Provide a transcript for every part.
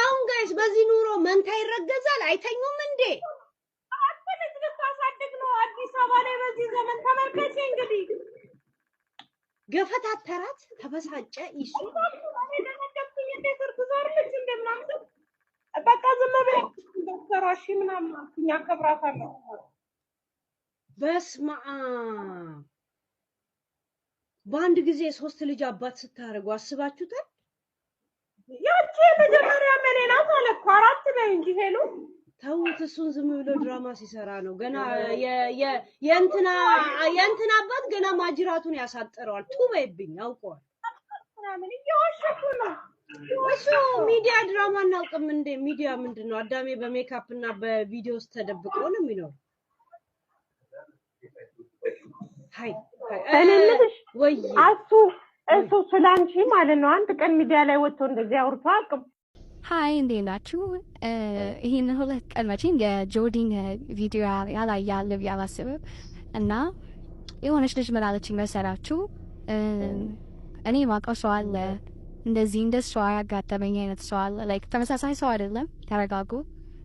አሁን ጋይስ በዚህ ኑሮ መንታ ይረገዛል። አይተኙም እንዴ? አትልጅ ልታሳድግ ነው አዲስ አበባ ላይ በዚህ ዘመን ተመልከቼ እንግዲህ ገፈታተራት፣ ተበሳጨ። ይሱ በቃ ዝም ብለ ዶክተራሽ ምናምን አልኩኝ። አከብራታለሁ። በስመ አብ በአንድ ጊዜ ሶስት ልጅ አባት ስታደርጉ አስባችሁታል? ያቺ የመጀመሪያ መኔ ናት አለ እኮ አራት በይ እንጂ ሄሎ ተውት። እሱን ዝም ብሎ ድራማ ሲሰራ ነው። ገና የእንትና የእንትና አባት ገና ማጅራቱን ያሳጥረዋል። ቱ በይብኝ አውቀዋል። እሱ ሚዲያ ድራማ እናውቅም እንዴ? ሚዲያ ምንድን ነው? አዳሜ በሜካፕ እና በቪዲዮ ውስጥ ተደብቆ ነው የሚኖሩ። ሀይ ወይ አሱ እሱ ስለ ማለት ነው አንድ ቀን ሚዲያ ላይ ወጥቶ እንደዚህ አውርቶ አቅም ሀይ፣ እንዴ ናችሁ? ይህን ሁለት ቀን መቼም የጆርዲን ቪዲዮ ያላያለብ ያላስብም እና የሆነች ልጅ ምላለች መሰላችሁ እኔ ማውቀው ሰው አለ እንደዚህ እንደ ሰው ያጋጠመኝ አይነት ሰው አለ። ላይክ ተመሳሳይ ሰው አይደለም፣ ተረጋጉ።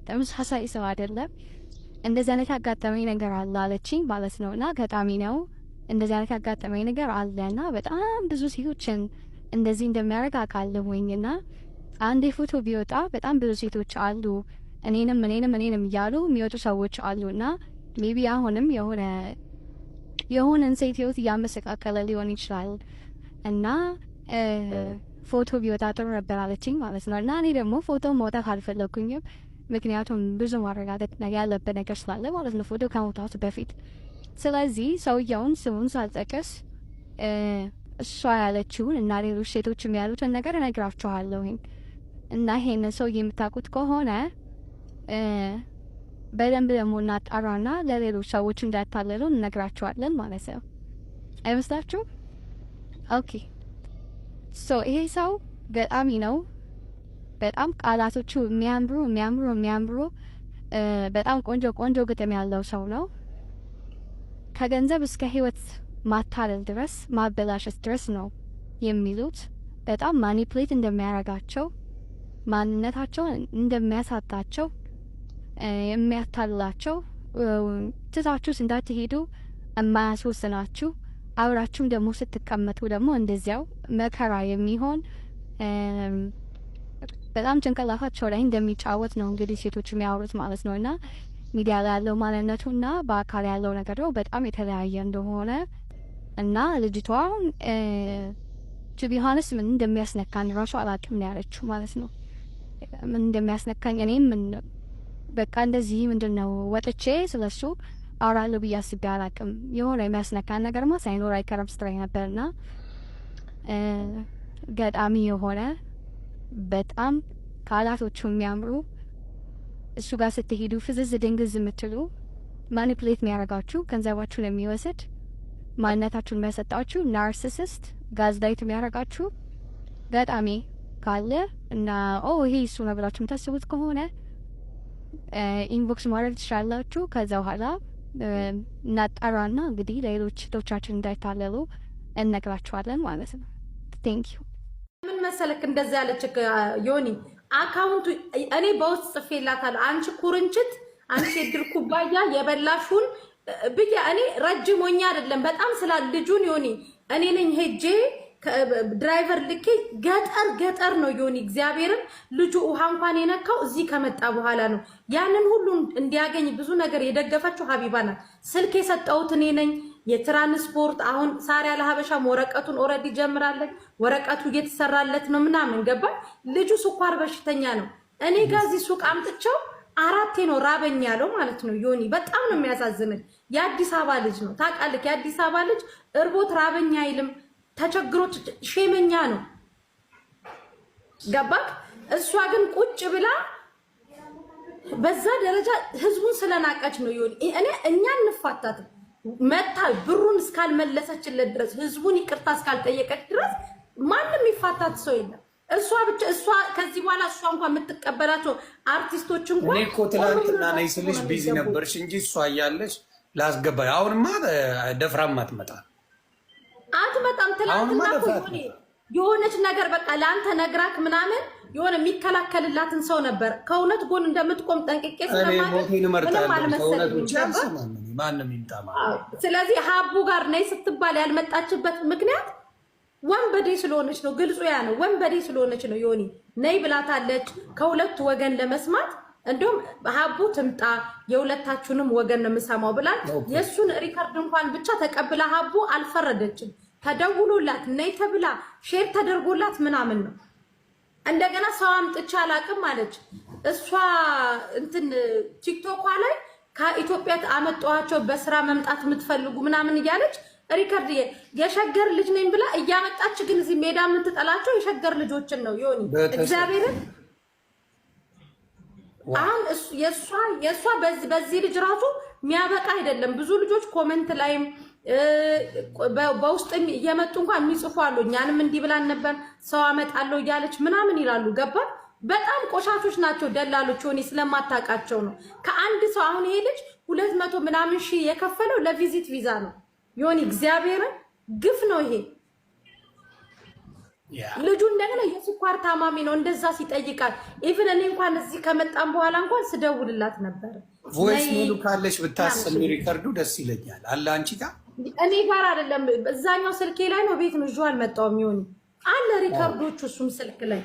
ተመሳሳይ ሰው አይደለም፣ እንደዚህ አይነት ያጋጠመኝ ነገር አለ አለችኝ ማለት ነው እና ገጣሚ ነው እንደዚህ አይነት ያጋጠመኝ ነገር አለና በጣም ብዙ ሴቶችን እንደዚህ እንደሚያደርግ አውቃለሁኝ። እና አንድ ፎቶ ቢወጣ በጣም ብዙ ሴቶች አሉ እኔንም እኔንም እኔንም እያሉ የሚወጡ ሰዎች አሉ እና ሜቢ አሁንም የሆነ የሆነን ሴት ህይወት እያመሰቃከለ ሊሆን ይችላል እና ፎቶ ቢወጣ ጥሩ ነበር አለችኝ ማለት ነው። እና እኔ ደግሞ ፎቶ መውጣት አልፈለግኩኝም፣ ምክንያቱም ብዙ ማረጋገጥ ያለበት ነገር ስላለ ማለት ነው ፎቶ ከመውጣቱ በፊት ስለዚህ ሰውየውን ስሙን ሳልጠቅስ እሷ ያለችውን እና ሌሎች ሴቶችም ያሉትን ነገር እነግራችኋለሁ እና ይሄንን ሰው የምታውቁት ከሆነ በደንብ ደግሞ እናጣራና ለሌሎች ሰዎች እንዳታለሉ እነግራችኋለን ማለት ነው። አይመስላችሁም? ኦኬ ሶ ይሄ ሰው በጣም ነው በጣም ቃላቶቹ የሚያምሩ የሚያምሩ የሚያምሩ በጣም ቆንጆ ቆንጆ ግጥም ያለው ሰው ነው። ከገንዘብ እስከ ህይወት ማታለል ድረስ ማበላሸት ድረስ ነው የሚሉት በጣም ማኒፕሌት እንደሚያደርጋቸው ማንነታቸውን እንደሚያሳጣቸው የሚያታልላቸው ትታችሁ እንዳትሄዱ የማያስወስናችሁ አብራችሁም ደግሞ ስትቀመጡ ደግሞ እንደዚያው መከራ የሚሆን በጣም ጭንቅላታቸው ላይ እንደሚጫወት ነው እንግዲህ ሴቶች የሚያወሩት ማለት ነው እና ሚዲያ ላይ ያለው ማንነቱና በአካል ያለው ነገር በጣም የተለያየ እንደሆነ እና ልጅቷ ቱቢ ሆነስ ምን እንደሚያስነካኝ ራሱ አላውቅም ነው ያለችው ማለት ነው። ምን እንደሚያስነካኝ እኔም ምን በቃ እንደዚህ ምንድን ነው ወጥቼ ስለሱ አውራለሁ ብዬ አስቤ አላውቅም። የሆነ የሚያስነካን ነገር ማ ሳይኖር አይከረም ስትራይ ነበር ነበርና ገጣሚ የሆነ በጣም ካላቶቹ የሚያምሩ እሱ ጋር ስትሄዱ ፍዝዝ ድንግዝ የምትሉ ማኒፕሌት የሚያደርጋችሁ ገንዘባችሁን የሚወስድ ማንነታችሁን የሚያሰጣችሁ ናርሲሲስት ጋዝ ላይት የሚያደርጋችሁ ገጣሚ ካለ እና ኦ ይሄ እሱ ነው ብላችሁ የምታስቡት ከሆነ ኢንቦክስ ማድረግ ትችላላችሁ። ከዛ በኋላ እናጣራና እንግዲህ ለሌሎች ቶቻችን እንዳይታለሉ እነግራችኋለን ማለት ነው። ቴንክ ዩ ምን መሰለክ እንደዚ ያለች ዮኒ አካውንቱ እኔ በውስጥ ጽፌላታለሁ። አንቺ ኩርንችት፣ አንቺ የድር ኩባያ የበላሹን ብዬ እኔ ረጅም ሆኜ አይደለም በጣም ስላ ልጁን ዮኒ እኔ ነኝ ሄጄ ድራይቨር ልኬ ገጠር ገጠር ነው ዮኒ። እግዚአብሔርን ልጁ ውሃ እንኳን የነካው እዚህ ከመጣ በኋላ ነው። ያንን ሁሉ እንዲያገኝ ብዙ ነገር የደገፈችው ሀቢባ ናት። ስልክ የሰጠሁት እኔ ነኝ። የትራንስፖርት አሁን ሳሪያ ለሀበሻም ወረቀቱን ኦልሬዲ ጀምራለች። ወረቀቱ እየተሰራለት ነው ምናምን ገባ። ልጁ ስኳር በሽተኛ ነው። እኔ ጋ እዚህ ሱቅ አምጥቸው አራቴ ነው ራበኝ ያለው ማለት ነው። ዮኒ በጣም ነው የሚያሳዝነኝ። የአዲስ አበባ ልጅ ነው ታውቃለህ። የአዲስ አበባ ልጅ እርቦት ራበኝ አይልም። ተቸግሮ ሼመኛ ነው ገባክ። እሷ ግን ቁጭ ብላ በዛ ደረጃ ህዝቡን ስለናቀች ነው ዮኒ። እኛ እንፋታትም መታ ብሩን እስካልመለሰችለት ድረስ ህዝቡን ይቅርታ እስካልጠየቀች ድረስ ማንም ይፋታት ሰው የለም። እሷ ብቻ እሷ ከዚህ በኋላ እሷ እንኳን የምትቀበላቸው አርቲስቶች እንኳን እኔ እኮ ትናንትና ነይ ስልሽ ቢዚ ነበርሽ እንጂ እሷ እያለሽ ላስገባ። አሁንማ ደፍራም አትመጣም አትመጣም። ትናንትና እኮ የሆነች ነገር በቃ ለአንተ ነግራክ ምናምን የሆነ የሚከላከልላትን ሰው ነበር። ከእውነት ጎን እንደምትቆም ጠንቅቄ ስለማለምንም ስለዚህ ሀቡ ጋር ነይ ስትባል ያልመጣችበት ምክንያት ወንበዴ ስለሆነች ነው። ግልጹ ያ ነው። ወንበዴ ስለሆነች ነው። ዮኒ ነይ ብላታለች። ከሁለቱ ወገን ለመስማት እንዲሁም ሀቡ ትምጣ የሁለታችሁንም ወገን ነው የምሰማው ብላል። የእሱን ሪከርድ እንኳን ብቻ ተቀብላ ሀቡ አልፈረደችም። ተደውሎላት ነይ ተብላ ሼር ተደርጎላት ምናምን ነው። እንደገና ሰው አምጥቻ አላቅም አለች እሷ እንትን ቲክቶኳ ላይ ከኢትዮጵያ አመጣኋቸው በስራ መምጣት የምትፈልጉ ምናምን እያለች ሪከርድ የሸገር ልጅ ነኝ ብላ እያመጣች ግን እዚህ ሜዳ የምትጠላቸው የሸገር ልጆችን ነው ዮኒ እግዚአብሔርን። አሁን የእሷ በዚህ ልጅ ራሱ የሚያበቃ አይደለም። ብዙ ልጆች ኮመንት ላይም በውስጥ እየመጡ እንኳን የሚጽፉ አሉ። እኛንም እንዲህ ብላን ነበር ሰው አመጣለሁ እያለች ምናምን ይላሉ። ገባ በጣም ቆሻቾች ናቸው ደላሎች። ሆኔ ስለማታውቃቸው ነው። ከአንድ ሰው አሁን ይሄ ልጅ ሁለት መቶ ምናምን ሺህ የከፈለው ለቪዚት ቪዛ ነው። የሆነ እግዚአብሔርን ግፍ ነው ይሄ። ልጁ እንደገና የስኳር ታማሚ ነው። እንደዛ ሲጠይቃል ኢቭን እኔ እንኳን እዚህ ከመጣም በኋላ እንኳን ስደውልላት ነበር። ቮይስ ሜሉ ካለሽ ብታሰሚ ሪከርዱ ደስ ይለኛል አለ አንቺ ጋር እኔ ጋር አይደለም፣ እዛኛው ስልኬ ላይ ነው። ቤት ምዥ አልመጣውም። ይሁን አለ ሪከርዶቹ፣ እሱም ስልክ ላይ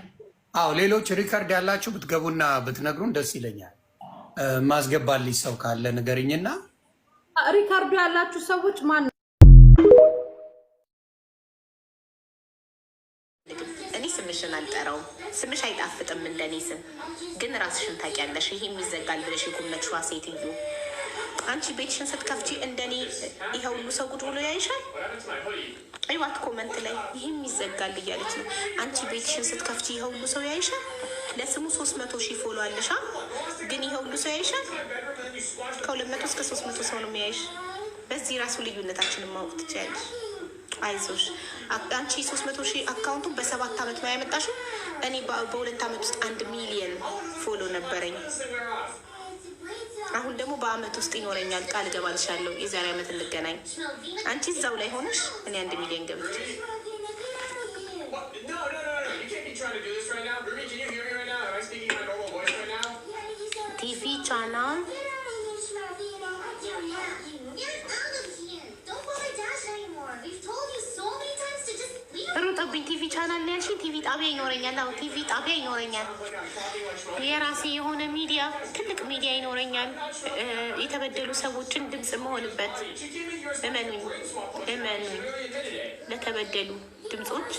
አዎ። ሌሎች ሪከርድ ያላችሁ ብትገቡና ብትነግሩን ደስ ይለኛል። ማስገባልኝ ሰው ካለ ንገርኝና ሪከርዱ ያላችሁ ሰዎች ማን እኔ ስምሽን አልጠራውም። ስምሽ አይጣፍጥም እንደኔ ስም ግን ራስሽን ታውቂያለሽ። ይሄ የሚዘጋል ብለሽ የጎመችዋ ሴትዮ አንቺ ቤትሽን ስትከፍቺ እንደኔ ይሄ ሁሉ ሰው ቁጭ ብሎ ያይሻል። ይዋት ኮመንት ላይ ይህም ይዘጋል እያለች ነው። አንቺ ቤትሽን ስትከፍቺ ይሄ ሁሉ ሰው ያይሻል። ለስሙ ሶስት መቶ ሺህ ፎሎ አለሻ፣ ግን ይሄ ሁሉ ሰው ያይሻል። ከሁለት መቶ እስከ ሶስት መቶ ሰው ነው የሚያይሽ። በዚህ ራሱ ልዩነታችንን ማወቅ ትችያለሽ። አይዞሽ አንቺ ሶስት መቶ ሺህ አካውንቱ በሰባት አመት ነው ያመጣሽው። እኔ በሁለት አመት ውስጥ አንድ ሚሊየን ፎሎ ነበረኝ አሁን በአመት ውስጥ ይኖረኛል ቃል እገባልሻለሁ። የዛሬ አመት እንገናኝ። አንቺ እዛው ላይ ሆነሽ እኔ አንድ ሚሊዮን ገብች ቲቪ ቻናል ሩጥብኝ ቲቪ ቻናል ላይ ቲቪ ጣቢያ ይኖረኛል። አዎ ቲቪ ጣቢያ ይኖረኛል። የራሴ የሆነ ሚዲያ ትልቅ ሚዲያ ይኖረኛል። የተበደሉ ሰዎችን ድምፅ መሆንበት። እመኑኝ፣ እመኑኝ ለተበደሉ ድምፆች